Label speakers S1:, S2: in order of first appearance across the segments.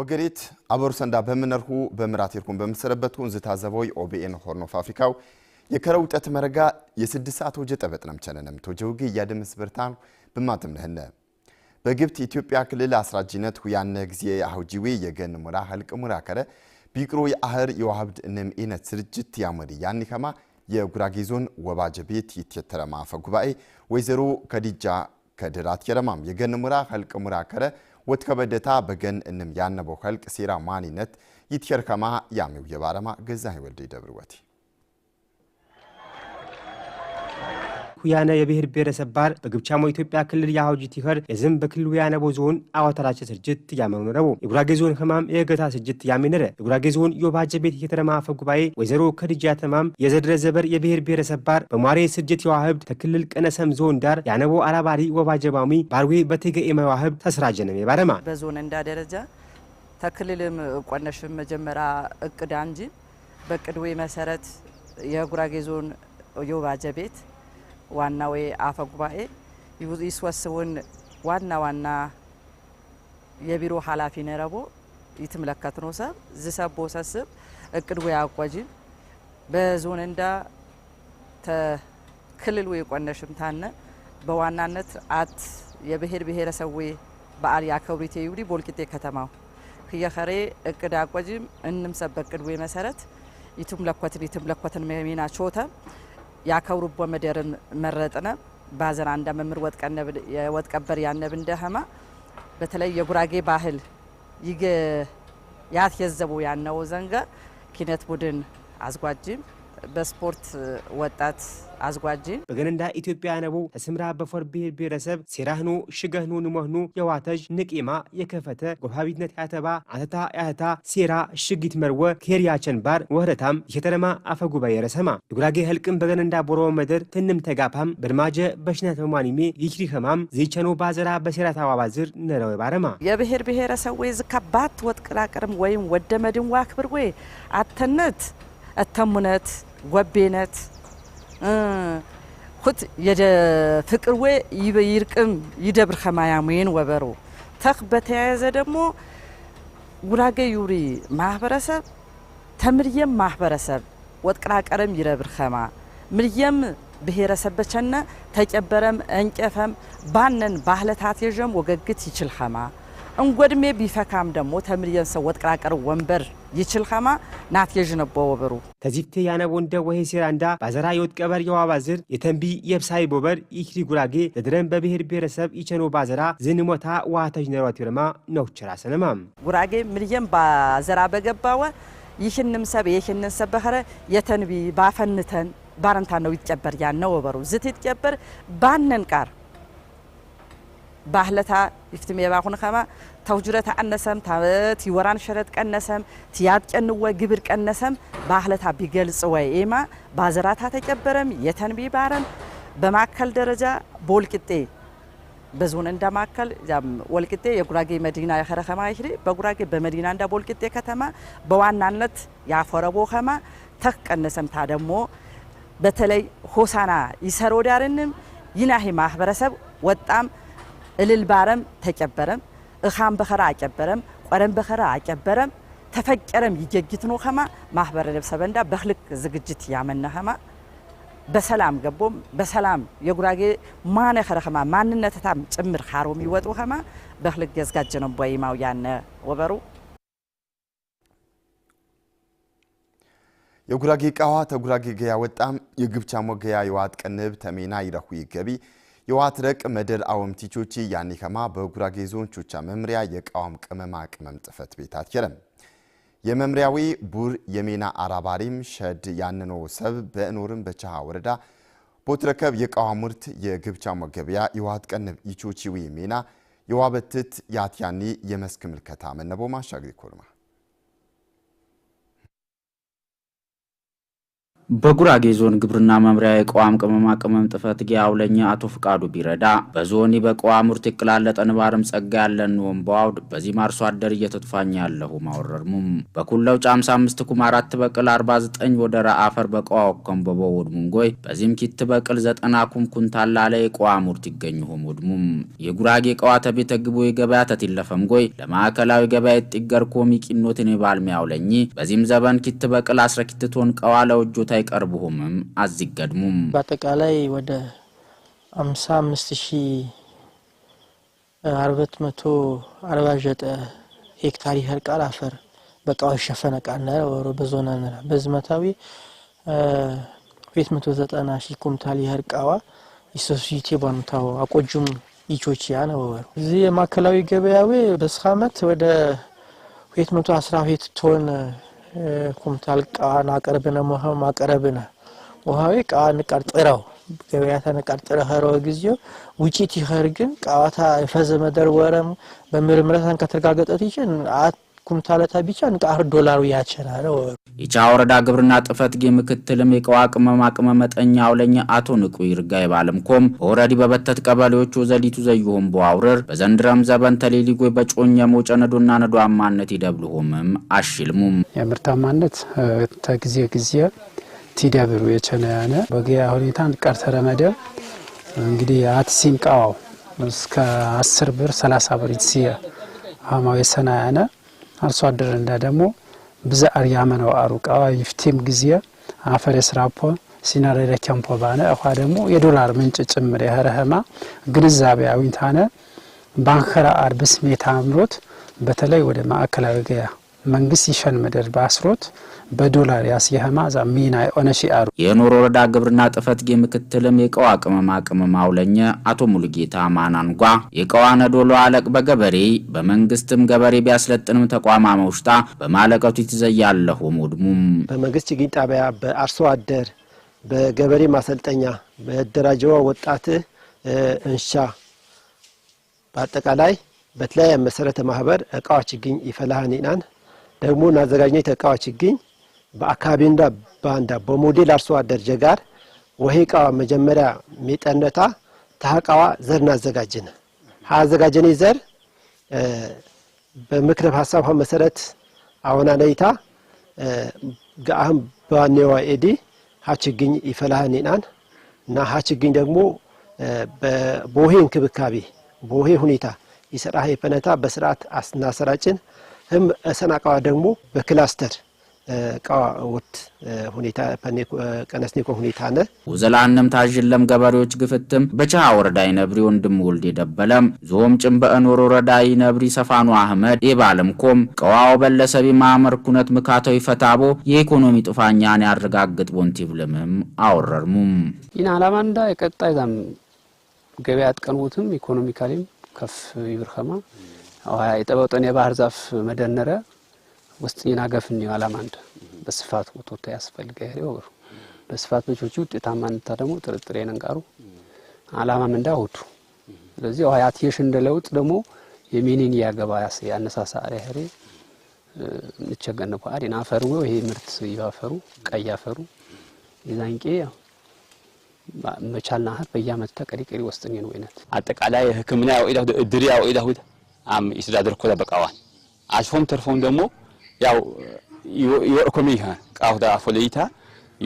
S1: ወገሪት አበሩ ሰንዳ በምነርሁ በምራት ይርኩን በምሰረበቱ ዝታዘበይ ኦቢኤን ሆርን ኦፍ አፍሪካው የከረው ውጠት መረጋ የስድስት ሰዓት ወጀ ጠበጥ ነምቸነንም ተጀውጊ እያደምስ ብርታን በማተም ነህነ በግብት ኢትዮጵያ ክልል አስራጅነት ሁያነ ጊዜ አሁጂዌ የገን ሙራ ህልቅ ሙራ ከረ ቢቅሮ የአህር የዋህብድ እንም ኢነት ስርጅት ያመድ ያን ከማ የጉራጌ ዞን ወባጀ ቤት ይተተረማ አፈ ጉባኤ ወይዘሮ ከዲጃ ከድራት የረማም የገን ሙራ ህልቅ ሙራ ከረ ወት ከበደታ በገን እንም ያነበው ኸልቅ ሲራ ማኒነት ይትሸርከማ ያሚው የባረማ ገዛ ወልደ ይደብርወቲ ያነ የብሔር ብሔረሰብ ባር በግብቻሞ ኢትዮጵያ ክልል የአውጅ ቲኸር የዝም በክልል ውያነ ቦ ዞን አዋተራቸ ስርጅት ያመኑ ረቡ የጉራጌ ዞን ህማም የእገታ ስርጅት ያሚነረ የጉራጌ ዞን የባጀ ቤት የተረማ አፈ ጉባኤ ወይዘሮ ከድጃ ተማም የዘድረ ዘበር የብሔር ብሔረሰብ ባር በሟሬ ስርጅት የዋህብት ተክልል ቀነሰም ዞን ዳር የአነቦ አራባሪ ወባጀባሚ ባርዌ በቴገ የመዋህብት ተስራጀንም የባረማ
S2: በዞን እንዳ ደረጃ ተክልልም ቆነሽም መጀመሪያ እቅዳ እንጂ በቅድዌ መሰረት የጉራጌ ዞን የባጀ ቤት ዋናው አፈ ጉባኤ ይስወስውን ዋና ዋና የቢሮ ኃላፊ ነረቦ ይትምለከት ነው ሰብ ዝሰቦ ሰስብ እቅድ ወይ አቋጅን በዞን እንዳ ተክልል ወይ ቆነሽም ታነ በዋናነት አት የብሄር ብሄረሰብ ወይ በዓል ያከብሪቴ ይውዲ ቦልቂጤ ከተማው ክየኸሬ እቅድ አቋጅም እንም ሰብ በእቅድ ወይ መሰረት ይትምለኮትን ይትምለኮትን ይቱም ሜና ቾተ ያከብሩቦ መደርን መረጥነ ባዘን አንዳ መምር ወጥቀበር ያነብ እንደኸማ በተለይ የጉራጌ ባህል ይገ ያት የዘቡ ያነው ዘንገ ኪነት ቡድን አዝጓጅም በስፖርት ወጣት አዝጓጂ
S1: በገነንዳ ኢትዮጵያ ነቡ ተስምራ በፎር ብሔር ብሔረሰብ ሴራህኑ ሽገህኑ ንመህኑ የዋተዥ ንቂማ የከፈተ ጎብሃቢትነት ያተባ አተታ ያተታ ሴራ ሽጊት መርወ ኬርያቸን ቸንባር ወህረታም የተረማ አፈ ጉባኤ ረሰማ የጉራጌ ህልቅም በገነንዳ ቦሮ መድር ትንም ተጋፓም በድማጀ በሽነት በማኒሜ ይችሪ ህማም ዘይቸኑ ባዘራ በሴራ ታዋባዝር ነረው ባረማ
S2: የብሔር ብሔረሰብ ወይ ዝካባት ወጥቅራቅርም ወይም ወደመድን ዋክብር ወይ አተነት እተሙነት ወቤነት ኩት ፍቅርዌ ይርቅም ይደብር ከማያሙን ወበሩ ተክ በተያያዘ ደግሞ ጉራጌ ዩሪ ማህበረሰብ ተምርየም ማህበረሰብ ወጥቅራቀረም ይረብር ከማ ምርየም ብሔረሰብ በቸነ ተጨበረም እንጨፈም ባነን ባህለታት የዠም ወገግት ይችል ከማ እንጎድሜ ቢፈካም ደግሞ ተምርየም ሰው ወጥቅራቀር ወንበር ይችል ኸማ ናት የዥነቦ ወበሩ
S1: ተዚፍቴ ወንደ ወሄ ሴራንዳ ባዘራ የወት ቀበር የዋባዝር የተንቢ የብሳይ ቦበር ይክሪ ጉራጌ ለድረን በብሔር ብሔረሰብ ይቸኖ ባዘራ ዝንሞታ ዋህታሽ ነሯት ይረማ ነውችራ ሰነማም
S2: ጉራጌ ምልየም ባዘራ በገባወ ይህንም ሰብ ይህንን ሰብ በኸረ የተንቢ ባፈንተን ባረንታ ነው ይጨበር ያነ ወበሩ ዝት ይጨበር ባነን ቃር ባህለታ ይፍትም የባኹን ኸማ ተውጅረት አነሰም ታበት ይወራን ሸረት ቀነሰም ትያት ቀንወ ግብር ቀነሰም ባህለታ ቢገልጽ ወይ ኤማ ባዘራታ ተጨበረም የተንቢ ባረም በማከል ደረጃ ቦልቅጤ በዞን እንዳ ማከል ወልቅጤ የጉራጌ መዲና የኸረ ኸማ ይህሪ በጉራጌ በመዲና እንዳ ቦልቅጤ ከተማ በዋናነት ያፈረቦ ኸማ ተክ ቀነሰም ታ ደግሞ በተለይ ሆሳና ይሰሮዳርንም ዳርንም ይናሄ ማህበረሰብ ወጣም እልል ባረም ተጨበረም እኻም በኸራ አጨበረም ቆረም በኸራ አጨበረም ተፈቀረም ይጀግት ነው ኸማ ማህበረ ልብሰ በንዳ በኽልክ ዝግጅት ያመነ ኸማ በሰላም ገቦም በሰላም የጉራጌ ማነ ኸረ ኸማ ማንነትታም ጭምር ኻሮም ይወጡ ኸማ በኽልክ የዝጋጀ ነው ቦይማው ያነ ወበሩ
S1: የጉራጌ ቃዋ ተጉራጌ ገያ ወጣም የግብቻ ሞገያ የዋት ቀንብ ተሜና ይረኹ ይገቢ የዋትረቅ መደል አወምቲ ቾቺ ያኔ ከማ በጉራጌ ዞን ቾቻ መምሪያ የቃወም ቅመማ ቅመም ጥፈት ቤት አትከረም የመምሪያዊ ቡር የሜና አራባሪም ሸድ ያንኖ ሰብ በእኖርም በቻሃ ወረዳ ቦትረከብ የቃዋ ምርት የግብቻ መገበያ የዋት ቀንብ ይቾቺዊ ሜና የዋበትት ያትያኒ የመስክ ምልከታ መነቦ ማሻግሪ ኮርማ በጉራጌ ዞን ግብርና መምሪያ የቀዋም ቅመማ ቅመም ጥፈት ጊያውለኛ አቶ ፍቃዱ ቢረዳ በዞኒ በቀዋም ውርት ይቅላለጠ ንባርም ጸጋ ያለን ወንቧውድ በዚህ ማርሶ አደር እየተጥፋኝ ያለሁ ማወረርሙም በኩለውጭ 55 ኩም 4 በቅል 49 ዘጠኝ አፈር በቀዋ ወከም በቦ ወድሙም ጎይ በዚህም ኪት በቅል ዘጠና ኩም ኩንታላ ላይ የቀዋም ውርት ይገኝሁም ውድሙም የጉራጌ ቀዋተ ቤተ ግቡ የገበያ ተትለፈም ጎይ ለማዕከላዊ ገበያ የጥገር ኮሚ ቂኖትን በዚህም ዘበን ኪት በቅል አስረኪትቶን ቀዋ ለውጆታ አይቀርቡሁምም አዚገድሙም
S2: በአጠቃላይ ወደ አምሳ አምስት ሺህ አርበት መቶ አርባ ዘጠኝ ሄክታር ያህል ቃል አፈር በቃዎች ሸፈነ ቃነ ወሮ በዞና ነራ በዝመታዊ ቤት መቶ ዘጠና ሺህ ኩምታል ያህል ቃዋ ይሰሱይቲ ባንታው አቆጁም ይቾች ነው ወሮ እዚህ የማዕከላዊ ገበያዊ በስካመት ወደ ቤት መቶ አስራ ሁለት ቶን ኩምታል ቃን አቅርብነ ሞሃም አቅረብነ ውሃዊ ቃን ቀርጥረው ገበያተን ቀርጥረ ኸረወ ጊዜ ውጪት ይኸር ግን ቃዋታ የፈዘ መደር ወረም በምርምረታን ከተረጋገጠት ይችን ኩምታለታ ቢቻ ንቃር ዶላሩ ያቸናለ ወሩ
S1: የቻ ወረዳ ግብርና ጥፈት ጌ ምክትልም የቀዋ ቅመማ ቅመም መጠኛ አውለኝ አቶ ንቁ ይርጋ የባለም ኮም በወረዲ በበተት ቀበሌዎቹ ዘሊቱ ዘይሆም በአውርር በዘንድረም ዘበን ተሌሊጎ በጮኝ የመውጨ ነዶና ነዶ አማነት ይደብልሆምም አሽልሙም
S2: የምርታማነት ተጊዜ ጊዜ ቲደብሩ የቸነያነ በገያ ሁኔታ ቀርተ ረመደ እንግዲህ አትሲን ቃዋው እስከ አስር ብር ሰላሳ ብር ይትሲያ አማው የሰናያነ አርሶ አደር እንዳ ደግሞ ብዛዕር ያመነው አሩቃ ይፍቲም ጊዜ አፈር የስራፖ ሲናሬረ ኬምፖ ባነ እኳ ደግሞ የዶላር ምንጭ ጭምር የህረህማ ግንዛቤ አዊንታነ ባንከራ አር ብስሜት አምሮት በተለይ ወደ ማዕከላዊ ገያ መንግስት ይሸን ምድር በአስሮት በዶላር ያስየህማ ዛ ሚና የሆነ አሩ
S1: የኖሮ ወረዳ ግብርና ጥፈት ጌ ምክትልም የቀዋ ቅመማ ቅመም አውለኘ አቶ ሙሉጌታ ማናንጓ የቀዋ ነዶሎ አለቅ በገበሬ በመንግስትም ገበሬ ቢያስለጥንም ተቋማ መውሽጣ በማለቀቱ ይትዘያለሁ ሙድሙም
S2: በመንግስት ችግኝ ጣቢያ በአርሶ አደር በገበሬ ማሰልጠኛ በደራጀዋ ወጣት እንሻ በአጠቃላይ በተለያየ መሰረተ ማህበር እቃዋ ችግኝ ይፈላሃኒናን ደግሞ ናዘጋጅና ተቃዋ ችግኝ በአካባቢና ባንዳ በሞዴል አርሶ አደር ጀጋር ወሄ ቃዋ መጀመሪያ ሚጠነታ ታቃዋ ዘር ናዘጋጅነ አዘጋጀኔ ዘር በምክረ ሀሳብ መሰረት አሁን አለይታ ጋአህም ባኔዋ ኤዲ ሀችግኝ ይፈላህኒናን እና ሀችግኝ ደግሞ በቦሄ እንክብካቤ ቦሄ ሁኔታ ይሰራ የፈነታ በስርዓት አስናሰራጭን ህም ሰናቃዋ ደግሞ በክላስተር ቃወት ሁኔታ ቀነስኔኮ ሁኔታ ነ
S1: ውዘላንም ታዥለም ገበሬዎች ግፍትም በቻሃ ወረዳ ይነብሪ ወንድም ወልድ የደበለም ዞም ጭንበእኖር ወረዳ ይነብሪ ሰፋኑ አህመድ ኮም ቀዋው በለሰቢ ማመር ኩነት ምካታዊ ይፈታቦ የኢኮኖሚ ጥፋኛን ያረጋግጥ ቦንቲብልምም አወረርሙም
S2: ይህን አላማንዳ የቀጣይ ዛም ገበያ አጥቀንቦትም ኢኮኖሚካሊም ከፍ ይብርከማ የጠበጦን የባህር ዛፍ መደነረ ውስጥ ይናገፍን አላማ አንድ በስፋት ወቶታ ያስፈልገ ይወሩ በስፋት ልጆቹ ውጤታማነታ ደግሞ ጥርጥር የነንቃሩ አላማ ምንዳ ወቱ ስለዚህ ውሃ ያትየሽ እንደ ለውጥ ደግሞ የሚኒን ያገባ ያስ ያነሳሳ አሪያሪ ንቸገነቁ አሪና አፈሩ ይሄ ምርት ይባፈሩ ቀይ አፈሩ ይዛንቄ ያው መቻልና ሀት በየአመት ተቀሪቀሪ ወስጥኝ ነው አይነት
S1: አጠቃላይ ህክምና ያው ኢዳሁ ድሪያ ያው ኢዳሁ አም ይስዳድር ኮ ተበቃዋን አሽፎም ተርፎም ደግሞ ያው ይወርኮም ይሄን ቃው ዳ ፎለይታ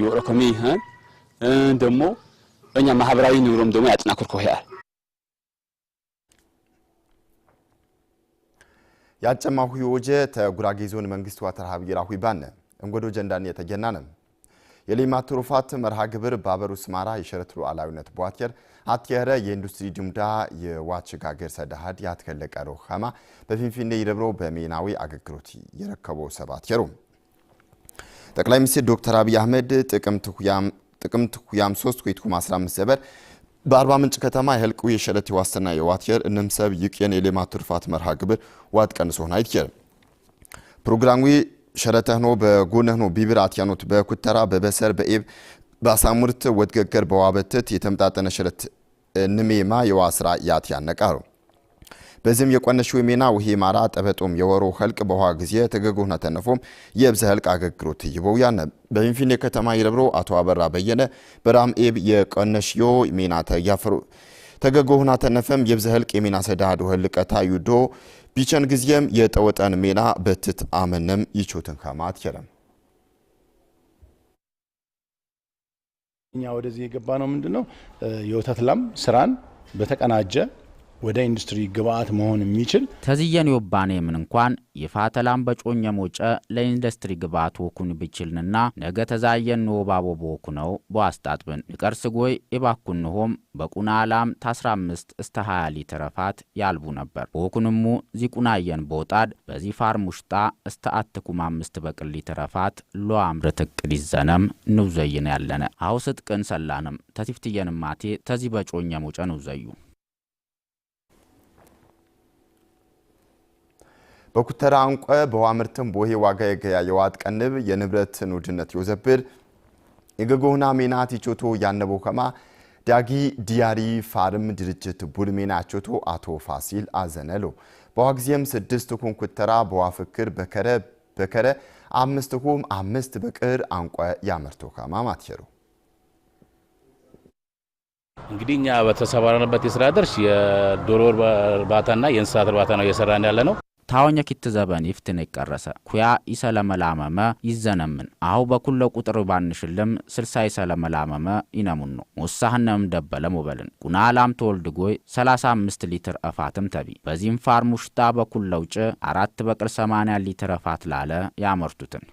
S1: ይወርኮም ይሄን ደግሞ እኛ ማህበራዊ ኑሮም ደግሞ ያጠናክርኮ ይሃል ያጨማሁ ሁይ ወጀ ተጉራጌ ዞን መንግስት ዋተር ሀብይራ ይባነ እንጎዶ ጀንዳን የተገናነም የሌማት ትሩፋት መርሃ ግብር ባበሩ ስማራ የሸረት አላዊነት ቧትየር አትየረ የኢንዱስትሪ ድምዳ የዋችጋገር ሰዳሃድ ያትከለቀሮ ኸማ በፊንፊኔ ይደብሮ በሜናዊ አገግሮት የረከቦ ሰባት የሩ ጠቅላይ ሚኒስትር ዶክተር አብይ አህመድ ጥቅምት ሁያም 3 ኮይትኩም 15 ዘበር በአርባ ምንጭ ከተማ የህልቁ የሸለት ዋስትና የዋትየር እንምሰብ ይቅየን የሌማት ትሩፋት መርሃ ግብር ዋት ቀንሶን አይትየር ፕሮግራሙ ሸረተህኖ በጎነህኖ ቢብር አትያኖት በኩተራ በበሰር በኤብ በአሳሙርት ወድገገር በዋበትት የተመጣጠነ ሽረት ንሜማ የዋ ስራ ያት ያነቃሩ በዚህም የቆነሹ ሜና ውሄ ማራ ጠበጦም የወሮ ህልቅ በውሃ ጊዜ ተገጎና ተነፎም የብዘ ህልቅ አገግሮት ይበው ያነ በኢንፊኔ ከተማ ይረብሮ አቶ አበራ በየነ በራም ኤብ የቆነሽዮ ሜና ተያፈሩ ተገጎሁና ተነፈም የብዘ ህልቅ የሜና ሰዳዱ ህልቀታ ዩዶ ቢቸን ጊዜም የጠወጠን ሜና በትት አመነም ይቾትን ከማት የለም እኛ ወደዚህ የገባ ነው ምንድን ነው የወተት ላም ስራን በተቀናጀ ወደ ኢንዱስትሪ ግብአት መሆን የሚችል ተዝየን ዮባኔ ምን እንኳን ይፋተላም በጮኘ ሞጨ ለኢንዱስትሪ ግብአት ወኩን ብችልንና ነገ ተዛየን ንወባቦ በወኩ ነው በዋስጣጥብን ይቀርስ ጎይ የባኩን ንሆም በቁና አላም ታ15 እስተ 20 ሊትር ፋት ያልቡ ነበር በወኩንሙ ዚቁናየን በወጣድ በዚህ ፋርም ውሽጣ እስተ አትኩም አምስት በቅል ሊትር ሊተረፋት ሎአምርት እቅድ ይዘነም ንውዘይን ያለነ አውስጥ ቅን ሰላንም ተቲፍትየንማቴ ተዚህ በጮኘ ሞጨ ንውዘዩ በኩተራ አንቆ በዋምርትም ቦሄ ዋጋ የገያ የዋት ቀንብ የንብረት ንውድነት የወዘብር የገጎሁና ሜናት ቲቾቶ ያነቦ ከማ ዳጊ ዲያሪ ፋርም ድርጅት ቡድ ቾቶ አቶ ፋሲል አዘነሎ በዋግዚየም ስድስት ኩን ኩተራ ፍክር በከረ በከረ አምስት ኩም አምስት በቅር አንቋ ያመርቶ ከማ ማትየሩ እንግዲህ እኛ በተሰባረንበት የስራ ደርሽ የዶሮ እርባታና የእንስሳት እርባታ ነው እየሰራን ያለ ነው። ታወኛ ይፍትን ይቀረሰ ኩያ ኢሰለመላመመ ይዘነምን አሁ በኩለ ቁጥር ባንሽልም ስልሳ ኢሰለመላመመ ይነሙን ነው ሙሳህነም ደበለ ሞበልን ቁና ቁናላም ተወልድ ጎይ 35 ሊትር እፋትም ተቢ በዚህም ፋርም ውሽጣ በኩለ ውጭ አራት በቅል 80 ሊትር እፋት ላለ ያመርቱትን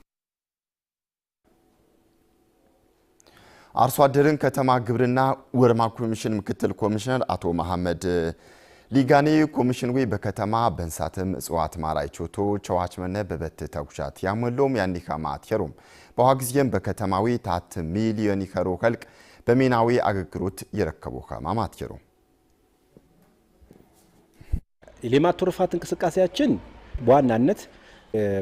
S1: አርሶ አደርን ከተማ ግብርና ወረማ ኮሚሽን ምክትል ኮሚሽነር አቶ መሐመድ ሊጋኔ ኮሚሽንዊ በከተማ በንሳትም እጽዋት ማራይ ቾቶ ቸዋች መነ በበት ተጉሻት ያመሎም ያኒካ ማትሄሩም በውሃ ጊዜም በከተማዊ ታት ሚሊዮን ይከሮ ከልቅ በሜናዊ አገግሮት የረከቡ ከማ ማትሄሩ የሌማት ትሩፋት እንቅስቃሴያችን በዋናነት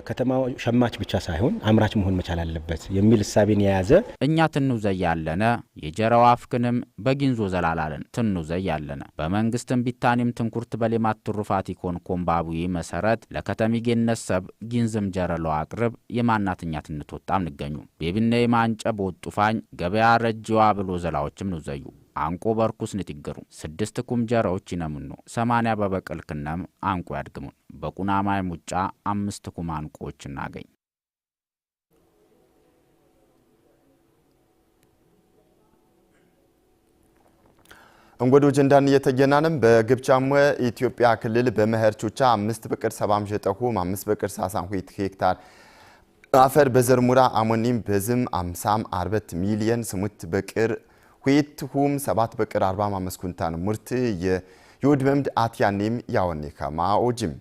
S1: ከተማ ሸማች ብቻ ሳይሆን አምራች መሆን መቻል አለበት የሚል እሳቤን የያዘ እኛ ትኑ ያለነ የጀረው አፍክንም በጊንዞ ዘላላለን ትኑ ያለነ በመንግስትም ቢታኒም ትንኩርት በሌማት ትሩፋት ኢኮን ኮምባቡይ መሰረት ለከተሚ ጌነሰብ ጊንዝም ጀረሎ አቅርብ የማናትኛት እንትወጣም ንገኙ ቤብነ የማንጨ በወጡፋኝ ገበያ ረጅዋ ብሎ ዘላዎችም ንዘዩ አንቆ በርኩስ ንትገሩ ስድስት ኩምጀራዎች ይነምኑ ሰማንያ በበቅል ክነም አንቆ ያድግሙን በቁናማይ ሙጫ አምስት ኩም አንቆዎች እናገኝ እንጎዶ ጀንዳን እየተገናንም በግብቻም ኢትዮጵያ ክልል በመኸር ቹቻ አምስት በቅር ሰባም ሸጠሁ አምስት በቅር ሳሳም ሄክታር አፈር በዘርሙራ አሞኒም በዝም አምሳም አርበት ሚሊየን ስሙት በቅር ሁየትሁም ሰባት በቅር 45 ኩንታን ምርት የውድመምድ አትያኔም ያወኔ ከማ ኦጂም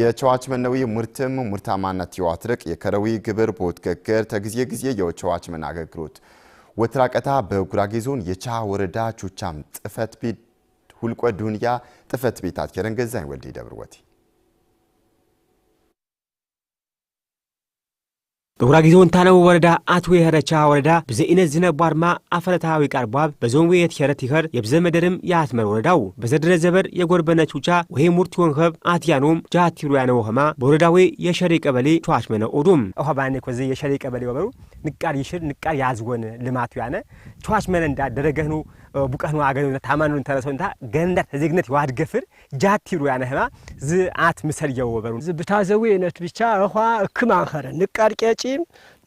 S1: የቸዋች መነዊ ምርትም ሙርታማነት የዋትርቅ የከረዊ ግብር ቦት ገገር ተጊዜ ጊዜ የቸዋች መን አገልግሎት ወትራቀታ በጉራጌ ዞን የቻ ወረዳ ቹቻም ጥፈት ቤት ሁልቆ ዱንያ ጥፈት ቤት አትኬረን ገዛኝ ወልዴ ደብርወቴ በጉራጌ ዞን ታነው ወረዳ አቶ ኸረቻ ወረዳ ብዘኢነት ዝነብ ባርማ አፈረታዊ ቃርቧብ በዞን ውየት ሸረት ይኸር የብዘ መደርም የአትመር ወረዳው በዘድረ ዘበር የጎርበነ ቹቻ ወሄ ሙርት ወንኸብ አትያኖም ጃቲሩ ያነው ኸማ በወረዳዌ የሸሪ ቀበሌ ቹዋሽመነ ኦዱም ባኔ ኮዚ የሸሪ ቀበሌ ወበሩ ንቃር ይሽር ንቃር ያዝወን ልማቱ ያነ ቹዋሽመነ እንዳደረገህኑ ቡቃኑ አገኙነት ታማኑን ተረሰውንታ ገንዳት ተዜግነት ይዋድ ገፍር ጃቲሩ ያነህማ ዝ አት ምሰል የወበሩ ዝ ብታዘዊ እነት ብቻ እኳ እክም አንኸረ ንቃር ቄጪም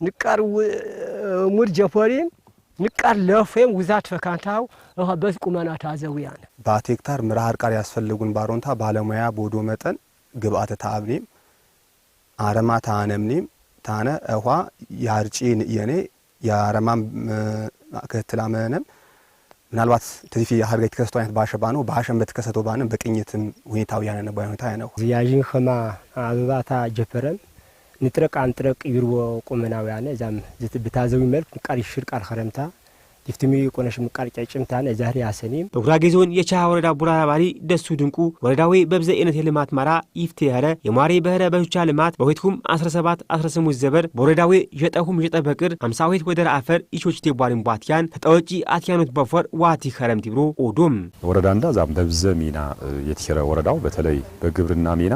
S1: ንቃር ሙድ ጀፖሪም ንቃር ለፎም ውዛት ፈካንታው እኳ በዝ ቁመና ታዘዊ ያነ በአት ሄክታር ምራሃር ቃር ያስፈልጉን ባሮንታ ባለሙያ ቦዶ መጠን ግብአተ ታብኔም አረማ ታነምኔም ታነ እኳ ያርጪ የኔ የአረማም ክትላመነም ምናልባት ተዚ ሀገር የተከሰተው አይነት ባሸባ ነው። ባሸን በተከሰተው ባንም በቅኝትም ሁኔታው ያነነ ነባ ሁኔታ ነው ዝያዥን ኸማ አበባታ ጀፈረም ንጥረቅ አንጥረቅ ይርቦ ቁመናውያነ እዛም ብታዘዊ መልክ ቃል ይሽር ቃል ኸረምታ ዲፍትሚ ቆነሽ ምቃርጫ ጭምታን ዛሬ አሰኒም በጉራጌ ዞን የቻሃ ወረዳ ቡራራ ባሪ ደሱ ድንቁ ወረዳዊ በብዘ አይነት የልማት ማራ ይፍት ያረ የሟሬ በህረ በቹቻ ልማት በሁትኩም 17 18 ዘበር በወረዳዊ የጠሁም የጠ በቅር 50 ወደረ አፈር ኢቾች ቧሪም ቧትያን ተጠወጪ አትያኖት በፈር ዋቲ ከረም ዲብሮ ኦዶም ወረዳ እንዳ ዛም በብዘ ሚና የትሄረ ወረዳው በተለይ በግብርና ሚና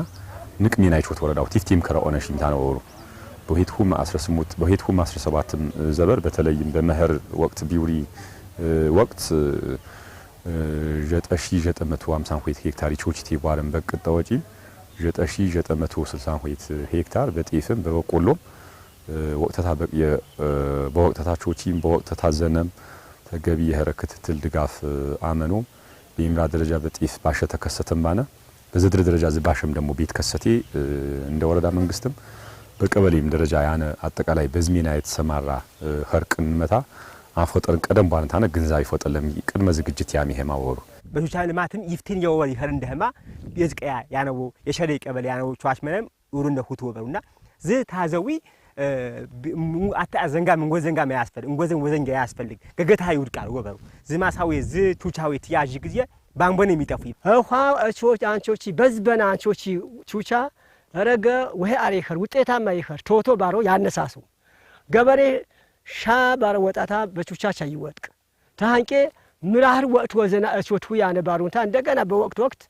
S1: ንቅ ሚና ይቾት ወረዳው ቲፍቲም ከረ ኦነሽንታ ነው በሂትኩም 17 ዘበር በተለይም በመኸር ወቅት ቢውሪ ወቅት 9952 ሄክታር ቾችቲ ባረም በቅጣ ወጪ 9962 ሄክታር በጤፍም በበቆሎም ወቅተታ በወቅተታ ቾቺም በወቅተታ ዘነም ተገቢ የኸረ ክትትል ድጋፍ አመኖም በኢምራ ደረጃ በጤፍ ባሸ ተከሰተም ባነ በዘድር ደረጃ ዝባሸም ደግሞ ቤት ከሰቴ እንደ ወረዳ መንግስትም በቀበሌም ደረጃ ያነ አጠቃላይ በዝሜና የተሰማራ ህርቅን መታ አፎጠርን ቀደም ባንታነ ግንዛቤ ይፎጠለም ቅድመ ዝግጅት ያም ይሄማ ወሩ በሶሻል ልማትም ይፍትን የወሪ ሀር እንደህማ የዝቀያ ያነው የሸሌ ቀበሌ ያነው ቻች መነም ኡሩ እንደ ሁቱ ወበሩና ዝ ታዘዊ አታ ዘንጋ እንጎ ዘንጋ ያስፈልግ እንጎ ዘንጎ ዘንጋ ያስፈልግ ገገታ ይውድቃል ወበሩ ዝ ማሳዊ ዝ ቹቻዊ ትያዥ ጊዜ ባንቦን የሚጠፉ ይፋ እሖ አንቾቺ በዝበና አንቾቺ ቹቻ ረገ ውሄ አሬኸር ውጤታማ ይኸር ቶቶ ባሮ ያነሳሱ ገበሬ ሻ ባረ ወጣታ በቹቻቻ ይወጥቅ ታንቄ ምራህር ወቅት ወዘና እቾት ያነ ባሩንታ እንደገና በወቅት ወቅት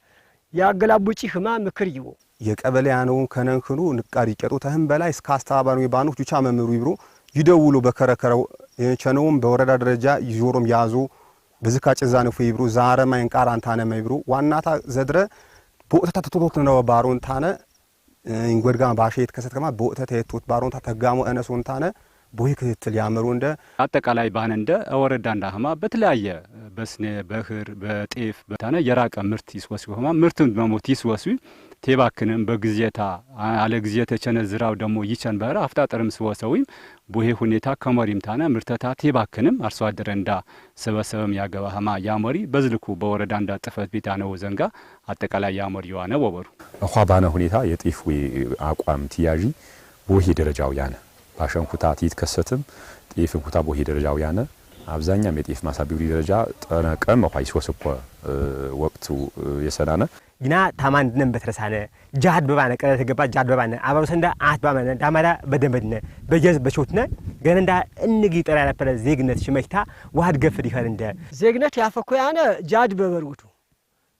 S1: ያገላቡጪ ህማ ምክር ይዎ የቀበሌ ያነውን ከነንክኑ ንቃር ይቀጡ ተህም በላይ እስከ አስተባባሪ ባኑ ቹቻ መምሩ ይብሩ ይደውሉ በከረከረው የቸነውም በወረዳ ደረጃ ይዞሩም ያዙ በዝካ ጭዛነ ፉ ይብሩ ዛረማ ይንቃራን ታነ ማይብሩ ዋናታ ዘድረ ቦታታ ተቶቶት ነው ባሩን ታነ እንጎድጋ ባሽ ከማ በወቅተት የቶት ባሮንታ ተጋሞ እነስ ወንታነ ቦይ ክትትል ያመሩ እንደ አጠቃላይ ባነ እንደ ወረዳ እንዳ ህማ በተለያየ በስኔ በህር በጤፍ በታነ የራቀ ምርት ይስወስ ሆማ ምርትም በሞት ይስወስ ቴባክንም በግዜታ አለ ግዚየተ ቸነ ዝራው ደሞ ይቸን በራ ጠርም ስወሰዊም ቡሄ ሁኔታ ታነ ምርተታ ቴባክንም አርሶ አደረ እንዳ ሰበሰበም ያገባ ህማ ያመሪ በዝልኩ በወረዳ እንዳ ጥፈት ቤት ያነው ዘንጋ አጠቃላይ ያመሪ የዋነ ወበሩ እኳ ባነ ሁኔታ የጤፍ ወይ አቋም ትያዢ ቡሄ ደረጃው ያነ ባሸንኩታ ይትከሰትም ጤፍ ኩታ ቡሄ ደረጃው ያነ አብዛኛም የጤፍ ማሳ ደረጃ ጠነቀም እኳ ይሶስኮ ወቅቱ የሰናነ ግና ታማን ድነን በተረሳነ ጃድ በባነ ቀለ ተገባ ጃድ በባነ አባሮ ሰንዳ አት በባነ ዳማዳ በደንበድነ በጀዝ በቾትነ ገነንዳ እንግ ይጠራ ያለፈረ ዜግነት ሽመክታ ዋድ ገፍድ ይኸር እንደ ዜግነት ያፈኮ ያነ ጃድ በበርጉቱ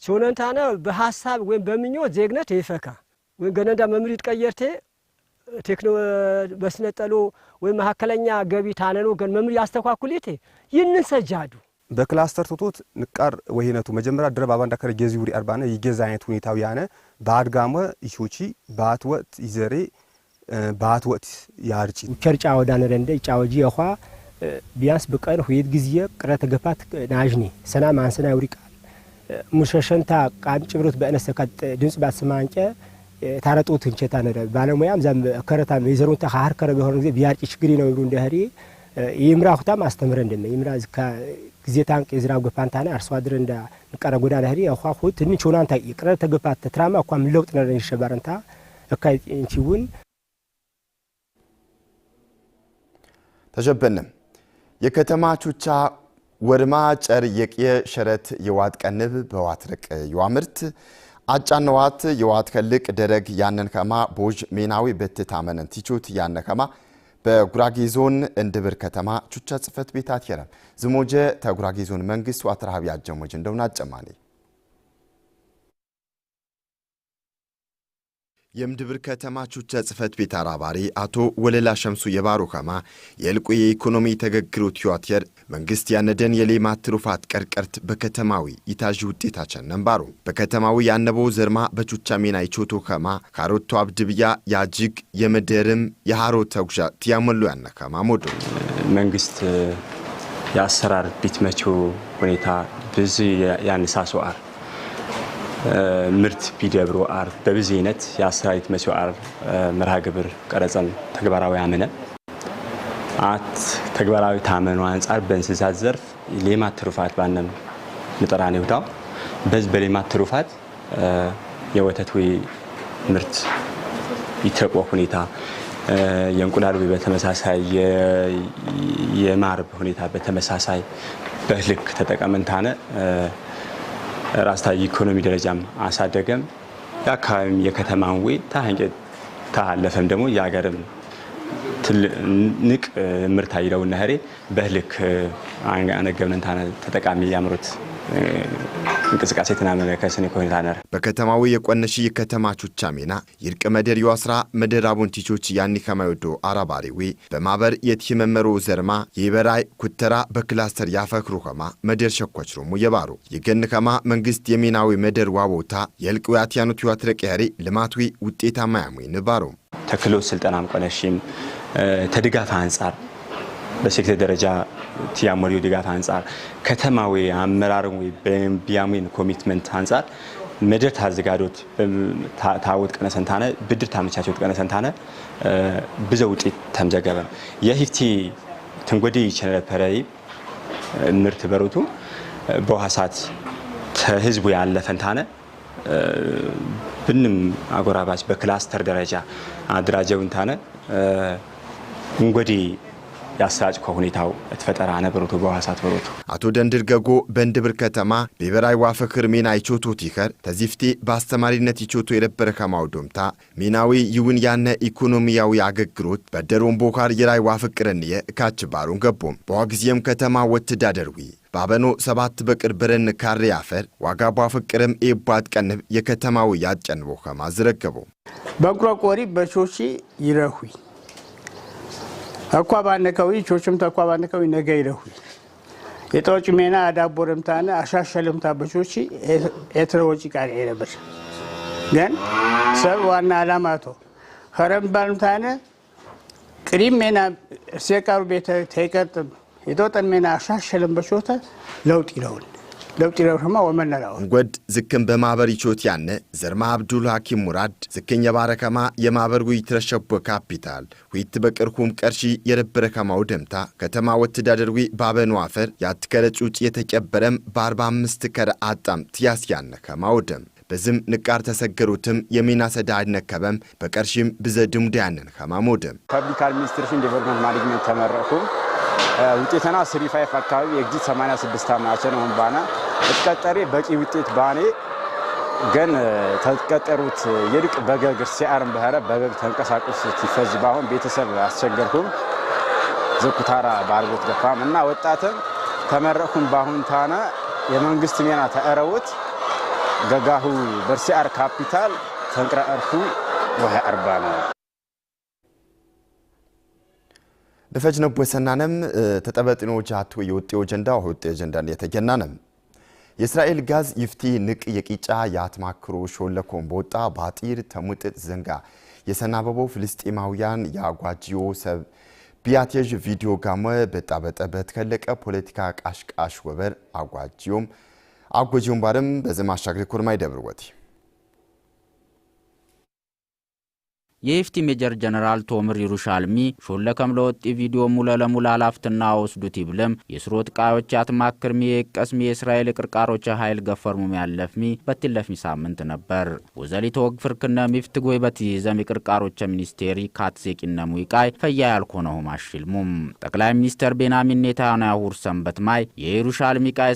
S1: ሲሆነንታነ በሀሳብ ወይም በምኞት ዜግነት ይፈካ ወይም ገነንዳ መምሪት ቀየርቴ ቴክኖ በስነጠሎ ወይም መካከለኛ ገቢ ታነኖ ገን መምሪ ያስተኳኩሌቴ ይንን ሰጃዱ በክላስተር ቶቶት ንቃር ወይነቱ መጀመሪያ ድረብ አባንዳ ከረ ጌዚ ውሪ አርባነ ይገዛ አይነት ሁኔታው ያነ በአድጋመ ይሾቺ በአት ወጥ ይዘሬ በአት ወጥ ያርጭ ቸርጫ ወዳነ ረንደ ጫወጂ የኋ ቢያንስ በቀን ሁየት ጊዜ ቅረ ተገፋት ናጅኒ ሰና ማንሰና ውሪ ቃል ሙሸሸንታ ቃን ጭብሮት ከጥ ድምጽ ባስማንጨ ታረጡት እንቸታ ነረ ባለሙያም ዛም ከረታ የዘሩንታ ሀር ከረ ቢሆን ጊዜ ቢያርጭ ችግሪ ነው ይብሩ እንደህሪ ይምራሁታም አስተምረ እንደነ ይምራ ዝካ ግዜታን ቄዝራ ገፋንታና አርሶ አደር እንደ ንቀረ ጎዳና ህሪ አኳ ሁ ትንሽ ሆናንታ ይቅረር ተገፋተ ተትራማ እኳ ምን ለውጥ ነረን ይሸባረንታ እካ እውን ተሸበንም የከተማ ቹቻ ወድማ ጨር የቅየ ሸረት የዋት ቀንብ በዋት ርቅ የዋምርት አጫነዋት የዋት ከልቅ ደረግ ያነን ከማ ቦዥ ሜናዊ በትታመነን ቲቹት ያነ ከማ በጉራጌ ዞን እንድብር ከተማ ቹቻ ጽፈት ቤት አትየራም ዝሞጀ ተጉራጌ ዞን መንግስት ዋትራሃብ ያጀሞጅ እንደውና አጨማኔ የምድብር ከተማ ቹቻ ጽህፈት ቤት አራባሪ አቶ ወለላ ሸምሱ የባሮ ከማ የእልቁ የኢኮኖሚ ተገግሮት ህዋትየር መንግስት ያነደን የሌማት ትሩፋት ቀርቀርት በከተማዊ ይታዥ ውጤት አቸነም ባሩ በከተማዊ ያነበው ዘርማ በቹቻ ሜና ይቾቶ ከማ ካሮቶ አብድብያ ያጅግ የመደርም የሃሮ ተጉዣ ትያመሉ ያነ ከማ ሞዶ መንግስት የአሰራር ቢትመቸው ሁኔታ ብዙ ያንሳሶ ምርት ቢደብሮ አር በብዜነት የአሰራዊት መሲሁ አር መርሃ ግብር ቀረፀን ተግባራዊ አመነ አት ተግባራዊ ታመኑ አንጻር በእንስሳት ዘርፍ ሌማት ትሩፋት ባነም ንጠራኔ ውዳው በዚ በሌማት ትሩፋት የወተት ምርት ይትረቆ ሁኔታ የእንቁላል በተመሳሳይ የማርብ ሁኔታ በተመሳሳይ በልክ ተጠቀመንታነ ራስታ ኢኮኖሚ ደረጃም አሳደገም የአካባቢም የከተማን ወይ ታሀንቄ ታለፈም ደግሞ የሀገርም ትልቅ ምርታ ይለውና ህሬ በህልክ አነገብነን ተጠቃሚ ያምሩት እንቅስቃሴ ትናመለከስን ኮይታነር በከተማዊ የቆነሽ የከተማ ቹቻ ሜና ይርቅ መደሪዋ ስራ መደራቦን ቲቾች ያኒ ከማይወዶ አራባሪዊ በማበር የትመመሮ ዘርማ የበራይ ኩተራ በክላስተር ያፈክሩ ከማ መደር ሸኮች ሮሙ የባሩ የገን ከማ መንግስት የሜናዊ መደር ዋቦታ የልቅ ያትያኑት ዋትረቅ ያሪ ልማትዊ ውጤታማ ያሙይ ንባሩ ተክሎ ስልጠናም ቆነሽም ተድጋፍ አንጻር በሴክተር ደረጃ ያሞሪው ድጋፍ አንጻር ከተማዊ አመራር ወይ በቢያሚን ኮሚትመንት አንጻር መድር ታዘጋዶት ታወት ቀነሰንታነ ብድር ታመቻቸው ቀነሰንታነ ሰንታነ ብዘ ውጤት ተምዘገበ የሂፍቲ ትንጎዲ ቸነፈረይ ምርት በሩቱ በውሃሳት ተህዝቡ ያለ ፈንታነ ብንም አጎራባች በክላስተር ደረጃ አድራጀው እንታነ እንጎዲ ያሳጭኮ ሁኔታው እትፈጠራ ነበሩት በዋሳት በሮቱ አቶ ደንድር ገጎ በእንድብር ከተማ ብሔራዊ ዋፍክር ሜና ይቾቶ ቲከር ተዚፍቴ በአስተማሪነት ይቾቶ የነበረ ከማው ዶምታ ሜናዊ ይውን ያነ ኢኮኖሚያዊ አገግሮት በደሮም ቦካር የራይ ዋፍቅርንየ እካች ባሩን ገቦም በዋ ጊዜም ከተማ ወትዳደርዊ ባበኖ ሰባት በቅር በረን ካሬ አፈር ዋጋ ቧፍቅርም ኤቧት ቀንብ የከተማው ያጨንቦ ከማ ዝረገቦ በጉራቆሪ በቾሺ ይረሁይ ተኳ ባነከዊ ቾችም ተኳ ባነከዊ ነገ ይለሁ የጠወጭ ሜና አዳቦ ረምታነ አሻሸልምታ በቾች ኤትረወጪ ቃል ነበር ግን ሰብ ዋና አላማቶ ኸረም ባልምታነ ቅሪም ሜና እርሴ ቃሩ ቤተ ተይቀርጥም የጠወጠን ሜና አሻሸልም በቾተ ለውጥ ይለውን ለውጥ ይረብርማ ወመነላው እንጎድ ዝክም በማህበር ይቾት ያነ ዘርማ አብዱል ሐኪም ሙራድ ዝክኝ የባረከማ የማህበር ውይይት ረሸቦ ካፒታል ውይይት በቅርኩም ቀርሺ የረብረከማው ደምታ ከተማ ወትዳደርዊ ባበኑ አፈር ያትከረ ጩጭ የተቀበረም በ45 ከረ አጣም ትያስ ከማው ደም በዝም ንቃር ተሰገሩትም የሚና ሰዳ አድነከበም በቀርሺም ብዘ ድሙዳ ያነን ከማሞደም ፐብሊክ አድሚኒስትሬሽን ዴቨሎፕመንት ማኔጅመንት ተመረቁ ውጤተና ስሪ ፋይፍ አካባቢ ኤግዚት 86 አምናቸን ሁን ባና እትቀጠሬ በቂ ውጤት ባኔ ግን ተቀጠሩት የድቅ በገግር ሲአርም በረ በገግ ተንቀሳቀስ ሲፈዝ ባሁን ቤተሰብ አስቸገርኩም ዘኩታራ ባርጎት ገፋም እና ወጣትም ተመረኩም ባሁን ታነ የመንግስት ሜና ተረውት ገጋሁ በርሲአር ካፒታል ተንቅራርኩ ወይ አርባ ነው ንፈጅ ወሰናንም ተጠበጥኖች አቶ የወጤ ጀንዳ ሆጤ ጀንዳ የተገናነም የእስራኤል ጋዝ ይፍቲ ንቅ የቂጫ የአትማክሮ ሾለኮን በወጣ ባጢር ተሙጥጥ ዘንጋ የሰናበቦ ፍልስጤማውያን የአጓጂዮ ሰብ ቢያቴዥ ቪዲዮ ጋመ በጣበጠ በተከለቀ ፖለቲካ ቃሽቃሽ ወበር አጓጂዮም አጎጂዮም ባርም በዘማሻግሪ ኮርማ ይደብር ወቲ የኢፍቲ ሜጀር ጀነራል ቶምር ይሩሻልሚ ሾለ ከምለወጥ ቪዲዮ ሙለ ለሙለ አላፍትና ወስዱት ይብልም የስሮት ጥቃዮች ያትማክርሚ የቀስሚ የእስራኤል ቅርቃሮች ኃይል ገፈርሙም ያለፍሚ በትለፍሚ ሳምንት ነበር ወዘሊ ተወግ ፍርክነ ሚፍት ጎይበት ይዘም የቅርቃሮች ሚኒስቴሪ ካትሴቂነሙ ሙይቃይ ፈያ ያልኮነሁም አሽልሙም ጠቅላይ ሚኒስተር ቤናሚን ኔታንያሁ ሰንበት ማይ የኢሩሻልሚ ቃ